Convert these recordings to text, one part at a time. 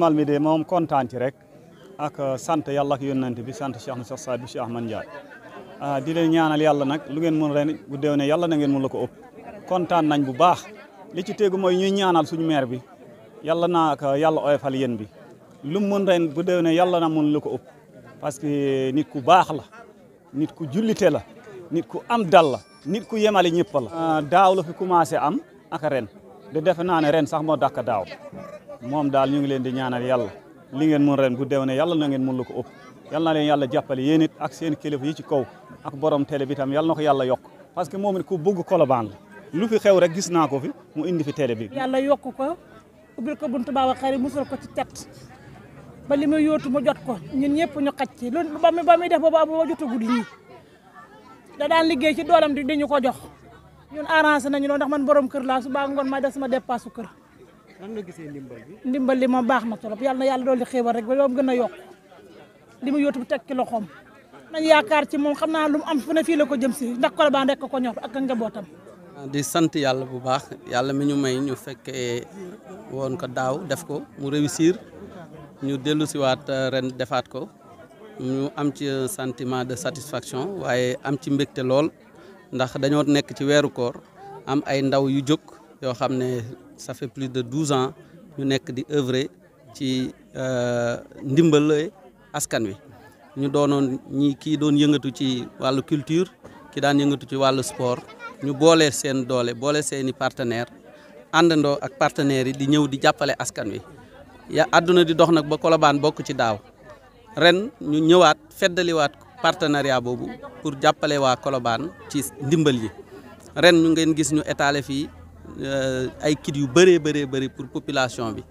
xidmal mi de moom kontaan ci rek ak euh, sant yàlla ak yónnent bi sant Cheikh na Cheikh Saad bu Cheikh Ahmad Ndiaye ah, di leen ñaanal yàlla nag lu ngeen mën ren bu déw ne yàlla na ngeen mën la ko ëpp kontaan nañ bu baax li ci tegu mooy ñuy ñaanal suñu maire bi yàlla naa ko euh, yàlla oyofal yéen bi lu mën ren bu déw ne yàlla na mën la ko ëpp parce que nit ku baax la nit ku jullite la nit ku am dal la nit ku yemale ñëpp la ah, daaw la fi commencé am ak ren de defe naa ne ren sax moo dàq daaw moom daal ñu ngi leen di ñaanal yàlla li ngeen mun ren bu deew ne yàlla na ngeen mun lu ko ëpp yàlla na leen yàlla yéen ak seen kilifa yi ci kaw ak borom télé bi tam yàlla na ko yàlla yokk parce que moom it ku bëgg kolobaan la lu fi xew rek gis naa ko fi mu indi fi télé bi. yàlla yokk ko ubbil ko buntu baawa xari musal ko ci cat ba li muy yóotu mu jot ko ñun ñëpp ñu xaj ci lu ba muy def boobu amu ma jotagut lii da daan liggéey ci doolam di ñu ko jox. ñun arrangé nañu loolu ndax man borom kër laa su baa ngoon may def sama dépasse su kër. nan nga gisee ndimbal bi. ndimbal li moom baax ma trop yàlla na yàlla dool di xéewal rek ba loolu gën a yokk li mu yóotu bu teg ki loxoom nañu yaakaar ci moom xam naa lu mu am fu ne fii la ko jëm si ndax Colobane rek ko ñor ak njabootam. di sant yàlla bu baax yàlla mi ñu may ñu fekkee woon ko daaw def ko mu réussir ñu dellu siwaat euh, ren defaat ko ñu am ci sentiment de satisfaction waaye am ci mbégte lool. ndax dañoo nekk ci weeru koor am ay ndaw yu jóg yoo xam ne ça plus de douze ans ñu nekk di œuvrer ci euh, ndimbal askan wi ñu doonoon ñi kii doon yëngatu ci wàllu culture ki daan yëngatu ci wàllu sport ñu boole seen doole boole seen i partenaires àndandoo ak partenaires yi di ñëw di jàppale askan wi ya àdduna di dox nag ba Colobane bokk ci daaw ren ñu ñëwaat feddaliwaat ko partenariat boobu pour jàppale waa Colobane ci ndimbal yi ren ñu ngeen gis ñu étaler fii euh, ay kit yu bëree bëree bëri pour population bi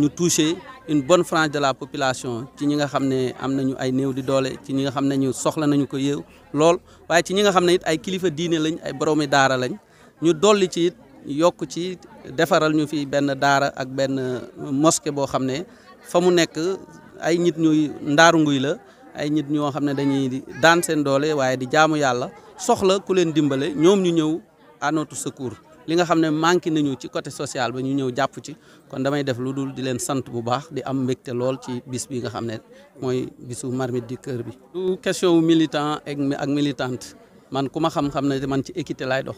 ñu toucher une bonne frange de la population ci ñi nga xam ne am nañu ay néew di doole ci ñi nga xam ne ñu soxla nañu ko yéew lool waaye ci ñi nga xam ne ay kilifa diine lañ ay boroomi daara lañ ñu dolli ci it yokk ci defaral ñu fi benn daara ak benn mosquée boo xam ne fa mu nekk ay nit ñuy ndaaru nguy la ay nit ñoo xam ne dañuy daan seen doole waaye di jaamu yàlla soxla ku leen dimbale ñoom ñu ñëw à notre secours li nga xam ne manqué nañu ci côté sociale ba ñu ñëw jàpp ci kon damay def lu dul di leen sant bu baax di am mbégte lool ci bis bi nga xam ne mooy bisu marmite du cœur bi. du question militant ak militante man ku ma xam-xam ne man ci équité lay dox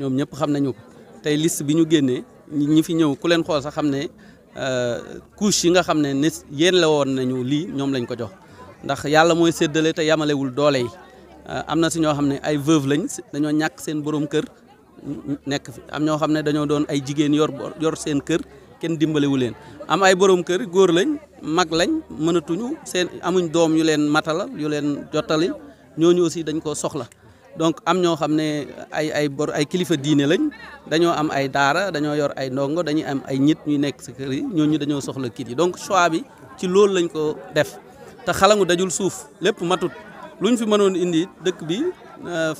ñoom ñëpp xam nañu ko tey list bi ñu génnee ñi fi ñëw ku leen xool sax xam ne euh, couche yi nga xam ne ne yéen la woon nañu lii ñoom lañ ko jox. ndax yàlla mooy séddale te yamalewul doole yi euh, am na si ñoo xam ne ay veuve lañ dañoo ñàkk seen borom kër nekk fi am ñoo xam ne dañoo doon ay jigéen yor yor seen kër kenn dimbalewu leen am ay borom kër góor lañ mag lañ mënatuñu seen amuñ doom yu leen matalal yu leen jottali ñooñu aussi dañ ko soxla donc am ñoo xam ne ay ay bor ay kilifa diine lañ dañoo am ay daara dañoo yor ay ndongo dañuy am ay ñit ñuy nekk si kër yi ñooñu dañoo soxla kit yi donc choix bi ci loolu lañ ko def te xalangu dajul suuf lépp matut ñu fi mënoon indi dëkk bi euh,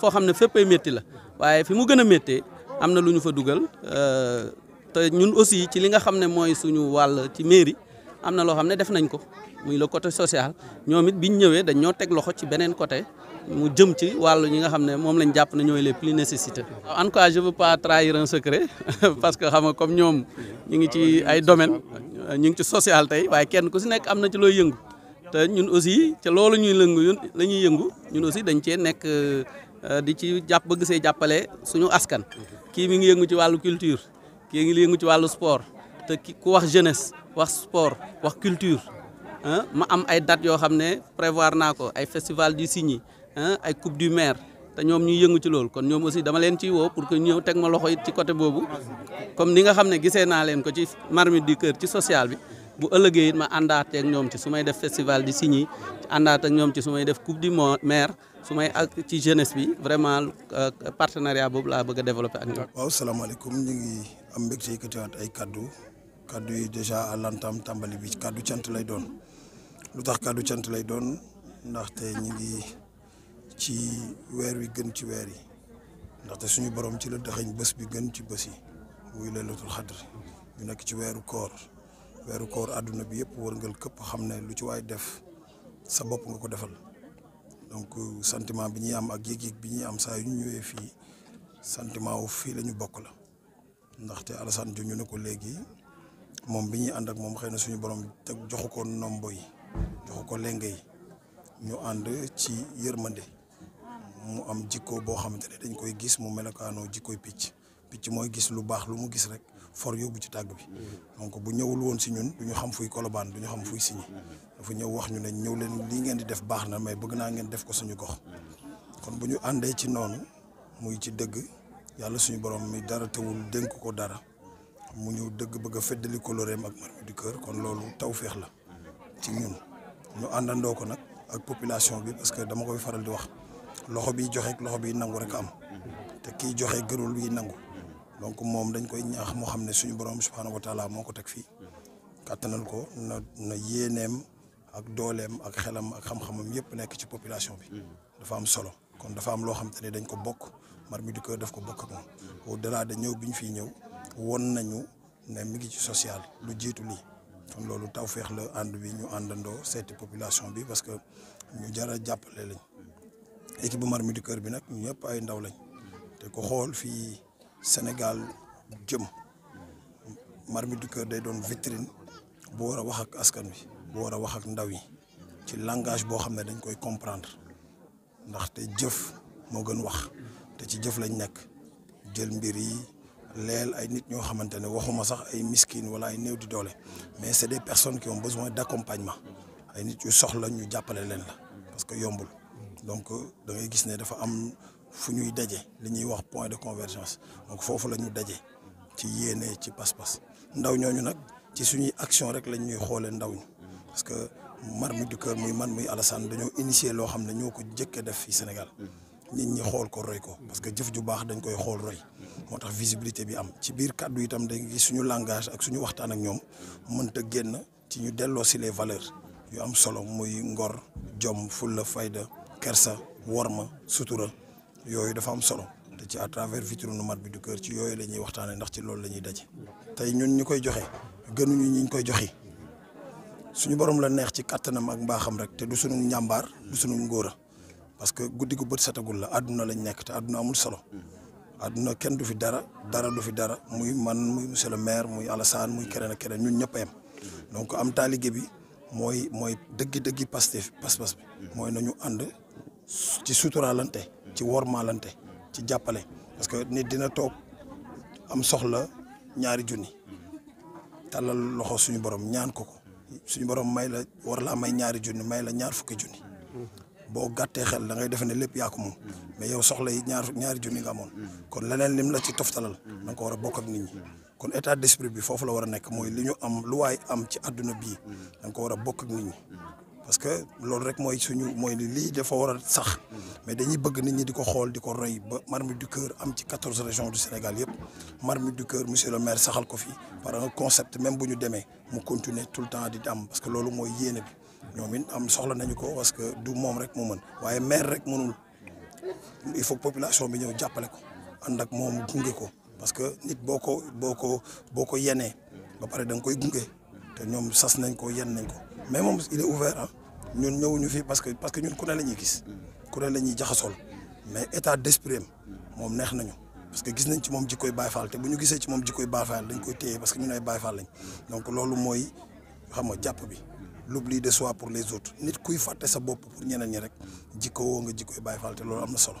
foo xam ne féppay metti la waaye fi mu gën a méttee am na lu ñu fa dugal euh, te ñun aussi ci li nga xam ne mooy suñu wàll ci mairie am na loo xam ne def nañ ko muy le côté social ñoom it biñ ñëwee dañ ñoo teg loxo ci beneen côté mu jëm ci wàllu ñi nga xam ne moom lañ jàpp ne ñooy le plus nécessités. en tout cas je veux pas trahir un secret parce que xam nga comme ñoom ñu ngi ci ay domaines ñu ngi ci social tey waaye kenn ku si nekk am na ci looy yëngu. te ñun aussi te loolu ñuy lëngu ñun la ñuy yëngu ñun aussi dañ cee nekk euh, di ci jàpp bëgg see jàppale suñu askan. kii mi ngi yëngu ci wàllu culture kii ngi yëngu ci wàllu sport te ki ku wax jeunesse wax sport wax culture ah ma am ay dates yoo xam ne prévoir naa ko ay festival du Signy ay coupe du maire te ñoom ñuy yëngu ci loolu kon ñoom aussi dama leen ciy woo pour que ñëw teg ma loxo it ci côté boobu comme ni nga xam ne gisee naa leen ko ci marmite du cœur ci social bi. bu ëllëgee it ma àndaatee ak ñoom ci su may def festival di signé àndaat ak ñoom ci su may def coupe du maire su may ak ci jeunesse bi vraiment euh, partenariat boobu laa bëgg a développé ak ñoom. waaw salaamaaleykum ñu ngi am mbégte yëkkatiwaat ay kaddu kàddu yi déjà à l'entame tàmbali bi kaddu cant lay doon lu tax kàddu cant lay doon ndaxte ñu ngi ci weer wi gën ci weer yi ndaxte suñu borom ci la daxañ bës bi gën ci bés yi muy laylatul xadr ñu nekk ci weeru koor. weeru koor àdduna bi yëpp wërngal këpp xam ne lu ci waaye def sa bopp nga ko defal donc sentiment bi ñuy am ak yëg-yëg bi ñuy am saa yu ñëwee fii sentiment wu fii lañu bokk la ndaxte Alassane ju ñu ne ko léegi moom bi ñuy ànd ak moom xëy na suñu borom teg joxu ko nombo yi joxu ko lenge yi ñu ànd ci yërmande mu am jikko boo xamante ne dañ koy gis mu melokaanoo jikkoy picc picc mooy gis lu baax lu mu gis rek for yóbbu ci tàgg bi donc bu ñëwul woon si ñun du ñu xam fuy kolobaan du ñu xam fuy signé dafa ñëw wax ñu ne ñëw leen lii ngeen di def baax na mais bëgg naa ngeen def ko suñu gox kon bu ñu àndee ci noonu muy ci dëgg yàlla suñu borom mi dara tewul dénk ko dara mu ñëw dëgg bëgg a feddali koloreem ak Marmite du Cœur kon loolu tawféex la ci ñun ñu àndandoo ko nag ak population bi parce que dama koy faral di wax loxo bi joxe loxo bi nangu rek am te kiy joxe gërul yi nangu donc moom dañ koy ñaax moo xam ne suñu borom subhaanahu wa taala moo ko teg fii kàttanal ko na na yéeneem ak dooleem ak xelam ak xam-xamam yëpp nekk ci population bi. Mm-hmm. dafa am solo kon dafa am loo xam te ne dañ ko bokk Marmite du Cœur daf ko bokk ak moom. Mm-hmm. au delà de ñëw bi ñu fiy ñëw won nañu ne mi ngi ci social lu jiitu lii. kon loolu tawféex la ànd bi ñu àndandoo seeti population bi parce que ñu jar jàppale lañ mm-hmm. équipe bu Marmite du Cœur bi nag ñu ñëpp ay ndaw lañ te ko fii Sénégal jëm Marmite du Cœur day doon vitrine bu war a wax ak askan wi bu war a wax ak ndaw yi ci langage boo xam ne dañ koy comprendre ndax te jëf moo gën wax te ci jëf lañ nekk jël mbir yi leel ay nit ñoo xamante ne waxuma sax ay miskin wala ay néew di doole mais c'est des personnes qui ont besoin d'accompagnement ay nit yu soxla ñu jàppale leen la parce que yombul donc euh, da gis ne dafa am fu ñuy daje li ñuy wax point de convergence donc foofu la ñu daje ci yéene ci pas-pas ndaw ñooñu nag ci suñuy action rek lañ ñuy xoolee ndaw ñi parce que Marmite du Cœur muy man muy Alassane dañoo initier loo xam ne ñoo ko jëkkee def fi Sénégal nit ñi xool ko roy ko parce que jëf ju baax dañ koy xool roy moo tax visibilité bi am ci biir kàddu itam dañ gis suñu langage ak suñu waxtaan ak ñoom mënta génn ci ñu delloo si les valeur yu am solo muy ngor jom fulla fayda kersa worma sutura yooyu dafa am solo te ci à travers vitrine nomade bi du cœur ci yooyu lañuy waxtaane waxtaanee ndax ci loolu la ñuy daje tey ñun ñu koy joxe gënuñu ñi ñu koy joxe suñu borom la neex ci kattanam ak mbaaxam rek te du sunu ñàmbaar du sunu ngóora parce que guddi gu bët setagul la àdduna lañ nekk te àdduna amul solo àdduna kenn du fi dara dara du fi dara muy man muy monsieur le maire muy Alassane muy keneen kereen ñun ñëpp a yem donc am taalige bi mooy mooy dëggi dëggi Pastef pas bi mooy nañu ànd ci suturaalante ci malante ci jàppale parce que nit dina toog am soxla ñaari junni tàllal loxo suñu borom ñaan ko ko suñu borom may la war laa may ñaari junni may la ñaar fukki junni boo gàttee xel da ngay defe ne lépp yaa ko moom mais yow soxla yi ñaar ñaari junni nga amoon kon leneen lim la ci toftalal da nga ko war a bokk ak nit ñi kon état d'esprit bi foofu la war a nekk mooy li ñu am lu waay am ci àdduna bii da nga ko war a bokk ak nit ñi parce que loolu rek mooy suñu mooy lii dafa war a sax mais dañuy bëgg nit ñi di ko xool di ko roy ba marmite du cœur am ci quatorze régions du Sénégal yëpp marmite du cœur monsieur le maire saxal ko fi par un concept bu ñu demee mu continuer tout le temps di am parce que loolu mooy yéene bi ñoom am soxla nañu ko parce que du moom rek moo man waaye mair rek mënul il faut population bi ñëw jàppale ko ànd ak moom gunge ko parce que nit boo ko boo ko boo ko yenee ba pare da nga koy gunge te ñoom sas nañ ko yen nañ ko mais moom il est ouvert ah ñun ñëwuñu fii parce que parce que ñun ku ne la ñuy gis ku ne la ñuy jaxasool mais état d'esprit am moom neex nañu parce que gis nañ ci moom jikkoy Baye Fall te bu ñu gisee ci moom jikkoy Baye Fall dañ koy téye parce que ñun ay Baye Fall lañ donc loolu mooy xam nga jàpp bi l'oubli de soi pour les autres nit kuy fàtte sa bopp pour ñeneen ñi rek jikko woo nga jikkoy Baye Fall te loolu am na solo